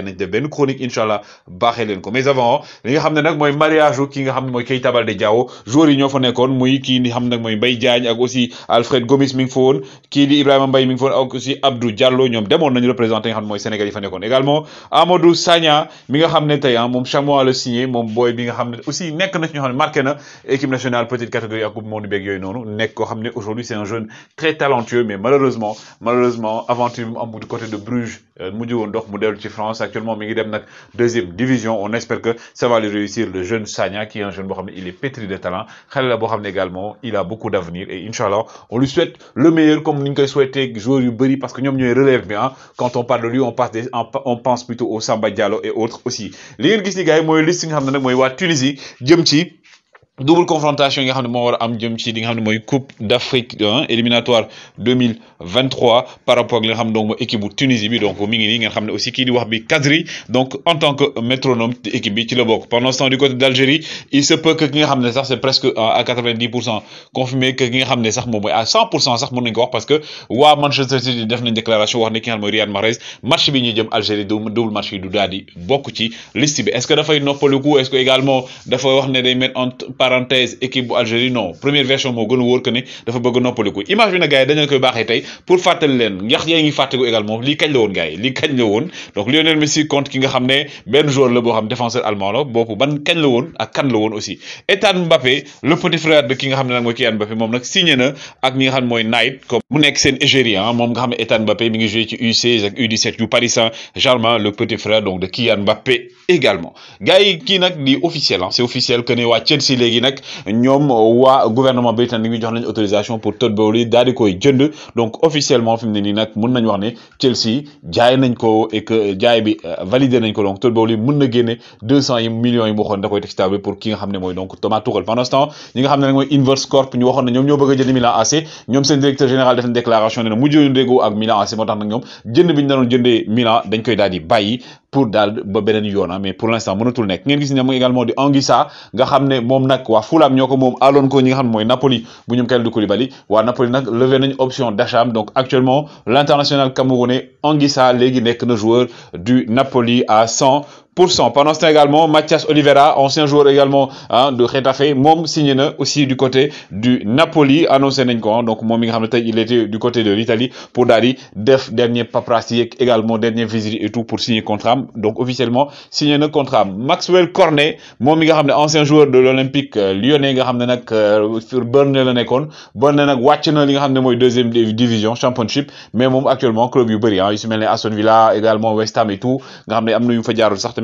gaay nañ def benn chronique incha allah baaxee leen ko mais avant li nga xam ne nag mooy mariage ki nga xam ne mooy Keita Baldé Diao joueurs yi ñoo fa nekkoon muy kii ni xam ne nag mooy Mbaye Diagne ak aussi Alfred Gomis mi ngi fa woon kii di Ibrahima Mbaye mi ngi fa woon ak aussi Abdou Diallo ñoom demoon nañu représenté nga xam ne mooy Sénégal yi fa nekkoon également Amadou Sagna mi nga xam ne tey ah moom chamois le signé moom booy bi nga xam ne aussi nekk na ci ñoo xam ne marqué na équipe nationale petite catégorie ak coupe monde beeg yooyu noonu nekk koo xam ne aujourd'hui c'est un jeune très talentueux mais malheureusement malheureusement aventure mu am du côté de Bruges euh, mujj dox mu France actuellement mi ngi dem deuxième division on espère que ça va lui réussir le jeune Sagna qui est un jeune bo xamné il est pétri de talent Khalil la également il a beaucoup d'avenir et inshallah on lui souhaite le meilleur comme on ñu koy souhaité joueurs yu parce que ñom ñoy relève bien. Hein. quand on parle de lui on on pense plutôt au Samba Diallo et autres aussi li ngeen ni Tunisie jëm double confrontation yi nga xam mo wara am jëm ci li nga xam moy coupe d'Afrique hein éliminatoire 2023 par rapport ak li nga xam donc mooy équipe Tunisie bi donc mi ngi nii ngeen aussi ki di wax bi Kadri donc en tant que métronome équipe bi ci la bok pendant ce temps du côté d'Algérie il se peut que nga xam sax c'est presque euh, à 90% confirmé que nga xam sax mom à 100% sax mën nañ ko wax parce que wa Manchester City def nañ déclaration wax ni ki nga xam ne Riyad Mahrez match bi ñu jëm Algérie double match yi du daal bok ci liste bi est ce que dafay coup est ce que également fay wax ne day mettre en parenthèse équipe bu Algérie non première version mo gën woor wóor que ne dafa bëgg noppaliku image bi na gars yi dañu koy baaxee tay pour faire le lien yaa ngi a également li kañ la woon gaay li kañ la woon donc Lionel Messi contre ki nga xamné ben joueur la bo xam défenseur allemand la boobu ban kañ la woon ak kan la woon aussi etan Mbappé le petit frère de ki nga xamné ne nag mooy Kylian Mbappé mom nak signé na ak ñi nga moy comme mu nekk sen Égérien ah, mom nga xamné etan Mbappé mi ngi ci U16 ak U17 yu Paris Saint-Germain le petit frère donc de kian Mbappé également gars qui nak di officiel hein c'est officiel que né waa Chelsea léegi nak ñom wa gouvernement britannique bi jox nañ autorisation pour Todd Bowley dal di koy jënd donc officiellement fi mu ne nii nag mun nañ wax né Chelsea jaay nañ ko et que jaay bi euh, valider nañ ko donc Todd Bowley mun na génne deux millions yi mu waxoon da koy teg table pour ki nga xamné moy donc Thomas Tuchel pendant ce temps ñi nga xamné ne nag mooy Inverse Corp ñu waxon ne ñom ñoo bëgg jënd Milan AC ñom sen directeur général def na déclaration ne na mujjee déggoo ak Milan AC motax nak ñom jënd bi ñu danoon jëndee Milan dañ koy dal di bayyi pour dal ba mais pour l'instant mënatul n'est ngeen gis ni également di Anguissa nga xamné nak nak wa Fulham mom ko Napoli bu du Koulibaly Napoli nak option d'achat donc actuellement l'international camerounais Anguissa légui nek na joueur du Napoli à 100 pendant ce temps également, Mathias Oliveira, ancien joueur également hein, de Retafe, Mom signé aussi du côté du Napoli, annoncé Nenko. Hein. Donc, Mom il était du côté de l'Italie pour Dari, def dernier paparazzi également, dernier visite et tout pour signer contrat. Donc, officiellement, signé un contrat. Maxwell Cornet, Mom ancien joueur de l'Olympique euh, lyonnais, euh, sur Burnley Burnley deuxième division championship mais moom actuellement club yu il se met à Aston Villa également West Ham et tout a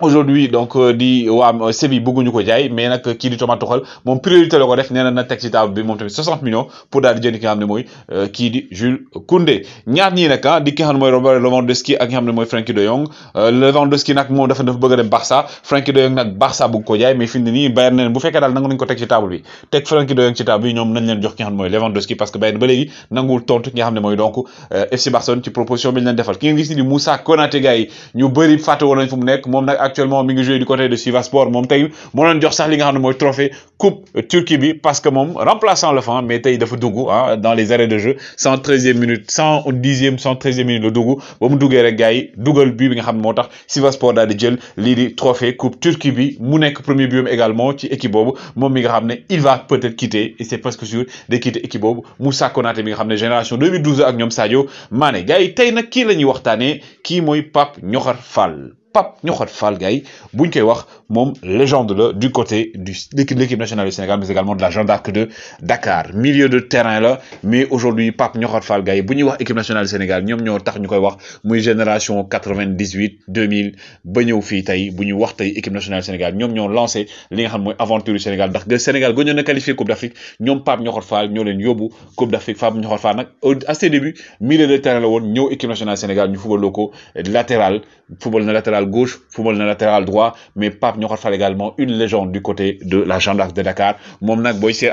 aujourd'hui donc euh, di waa euh, Séville bëgguñu ko jaay mais nag kii moom priorité la ko def na teg ci table bi moom tamit millions pour daal di jënd ki xam ne mooy euh, kii di Jules Koundé ah, de Jong Lewandowski moom dafa dafa bëgg a dem Barça de Jong nag Barça bëgg ko jaay mais fi nii Bayern neen bu fekkee daal nangu nañu ko teg ci table bi teg Frenkie de Jong ci table bi ñoom nañ leen jox ki xam ne mooy Lewandowski parce que Bayern ba léegi nanguwul moom nag actuellement mi ngi du côté de Sivasspor mom tay mo leen jox sax li nga xamne moy trophée coupe Turquie bi parce que mon remplaçant le fa mais tay dafa dougu hein ah, dans les arrêts de jeu 113e minute cent dixième cent treizième minute le dougu ba mu rek gars dougal bi nga xamne motax Sivasspor daal di jël li di trophée coupe Turquie bi mu nek premier biom également ci équipe bobu mom mi nga xamne il va peut-être quitter et c'est presque sûr de quitter équipe bobu Moussa Konaté mi nga xamne génération 2012 ak ñom Sadio Mané gars tay nak ki lañuy waxtané ki moy Pape Ñoxar Fall Pape Ñoxor Fall Gaye buñ koy wax mom légende là du côté de l'équipe nationale du Sénégal mais également de la Jeanne de Dakar milieu de terrain là mais aujourd'hui Pape Ndiokhote Fall gars bu wax équipe nationale du Sénégal ñom ñoo tax ñu wax génération 98 2000 ba ñew fi tay bu wax équipe nationale du Sénégal ñom ñoo lancé li nga xam aventure du Sénégal ndax Sénégal gëj na qualifier Coupe d'Afrique ñom Pape Ndiokhote Fall ñoo leen yobu Coupe d'Afrique Pape Ndiokhote Fall nak à ses débuts milieu de terrain la won ñew équipe nationale du Sénégal ñu football loco latéral football na latéral gauche football na latéral droit mais Pape nous fal également une légende du côté de la gendarmerie de Dakar mon nag booy seet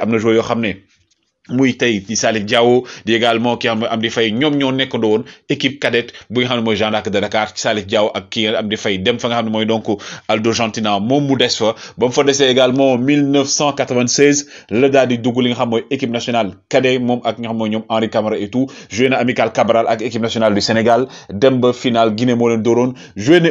muy tay di Salif Diao di également ki am am di fay ñom ñoo won équipe cadette bu nga xam moy mooy d'Arc de Dakar Salif Diao ak ki am di fay dem fa nga moy donc Aldo Gentina mom mu dess fa ba mu fa dessé également 1996 le daal di dugg li nga xam moy équipe nationale cadet mom ak nga xam Henri Camara et tout jeune Amical Cabral ak équipe nationale du Sénégal dem ba finale Guinée mo leen dóoroon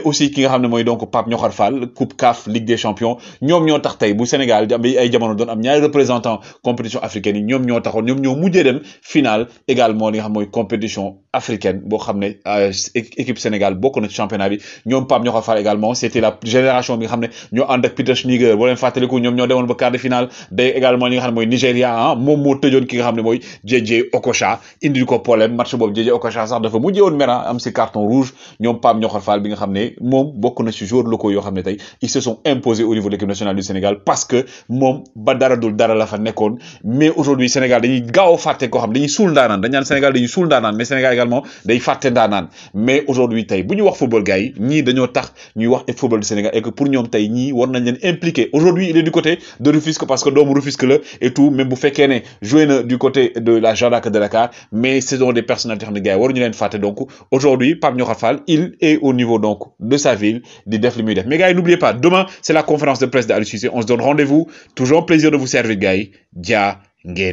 aussi ki nga xam moy donc Pape Ñoxar Fall coupe CAF Ligue des champions ñom ñoo tax tay bu Sénégal ay jamono don am ñaari représentant compétition africaine ñom ñoo taxone ñom ñoo mujjé dem final également li nga xam mooy compétition africaine bo xamné euh, équipe Sénégal bokk na ci championnat bi ñom pam ñoko Fall également c'était la génération bi nga xam ne ñoo ànd ak Peter bo boo leen fàttaliku ñom ñoo demoon ba quart de finale day également li nga xam moy nigeria hein ah, mom mo moo ki nga xamné moy mooy Okocha indi ko problème match bob jay Okocha sax dafa mujjee woon mera ah, am ci carton rouge ñom pam ñoko Fall bi nga xamné mom moom bokk na si joueurs locaux yo xamné tay ils se sont imposés au niveau de l'équipe nationale du Sénégal parce que mom ba dara dul dara la fa nekkoon mais aujourd'hui Sénégal Sénégal dañuy gaaw faté ko xam dañuy sul daanaan dañ Sénégal dañuy sul daanaan mais Sénégal également day faté daanaan mais aujourd'hui tay buñu wax football gaay ñi dañu tax ñuy wax football du Sénégal et que pour ñom tay ñi war nañ leen impliqué aujourd'hui il est du côté de Rufisque parce que doomu Rufisque la et tout même bu fekkee né joué na du côté de la Jarac de Dakar mais saison des personnalités yoo gaay ne ñu yi leen donc aujourd'hui Pape Ndiokha Fall il est au niveau donc de sa ville di def limuy def mais gars n'oubliez pas demain c'est la conférence de presse d'Aliou Cissé on se donne rendez-vous toujours plaisir de vous servir gars Dia jaa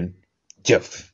Jeff.